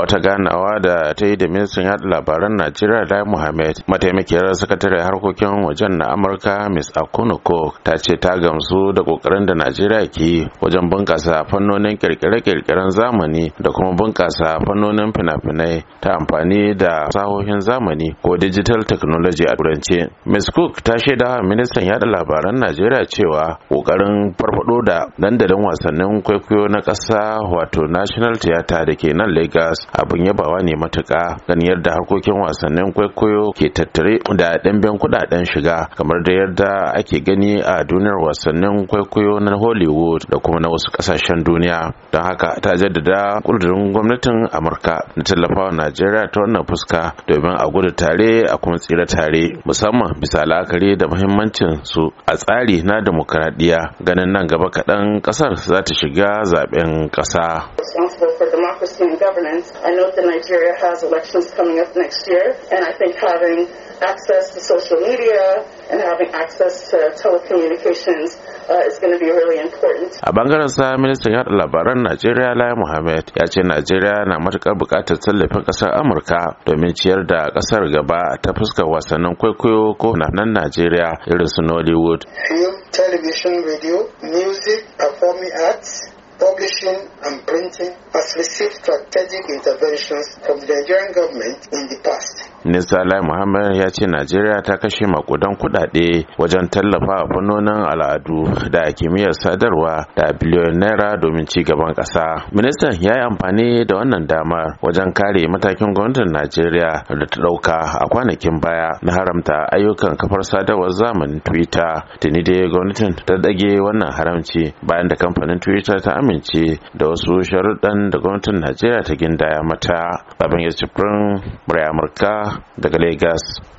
wata ganawa da ta yi da ministan yaɗa labaran najeriya lai muhammed mataimakiyar sakatare harkokin wajen na amurka miss akunuko ta ce ta gamsu da kokarin da najeriya ke yi wajen bunkasa fannonin kirkire-kirkiren zamani da kuma bunkasa fannonin fina-finai ta amfani da sahohin zamani ko digital technology a turance miss cook ta shaida wa ministan yaɗa labaran najeriya cewa kokarin farfado da dandalin wasannin kwaikwayo na ƙasa wato national theatre da ke nan lagos abin yabawa ne matuka ganin yadda harkokin wasannin kwaikwayo ke tattare da ɗanben kuɗaɗen shiga kamar da yadda ake gani a duniyar wasannin kwaikwayo na hollywood da kuma na wasu ƙasashen duniya don haka ta jaddada ƙudurin gwamnatin amurka na tallafawa najeriya ta wannan fuska domin a gudu tare a kuma tsira tare musamman bisa la'akari da muhimmancin su a tsari na demokaradiyya ganin nan gaba kaɗan ƙasar za ta shiga zaɓen ƙasa. I note that Nigeria has elections coming up next year, and I think having access to social media and having access to telecommunications uh, is going to be really important. A bangaren sa ministan yada labaran Najeriya Lai Muhammad ya ce Najeriya na matukar buƙatar tallafin ƙasar Amurka domin ciyar da ƙasar gaba ta fuskar wasannin kwaikwayo ko nan Najeriya irin su Nollywood. Film, television, radio, music, performing arts, publishing and printing has received strategic interventions from the Nigerian government in the past. Nisa Lai Muhammad ya ce Najeriya ta kashe makudan kuɗaɗe wajen tallafa a fannonin al'adu da kimiyyar sadarwa da biliyon naira domin ci gaban ƙasa. Ministan ya yi amfani da wannan damar wajen kare matakin gwamnatin Najeriya da ta ɗauka a kwanakin baya na haramta ayyukan kafar sadarwar zamanin Twitter. Tuni dai gwamnatin ta ɗage wannan haramci bayan da kamfanin Twitter ta amince da wasu sharuɗan da gwamnatin Najeriya ta gindaya mata. Babban Yusufin Murai Amurka daga Legas.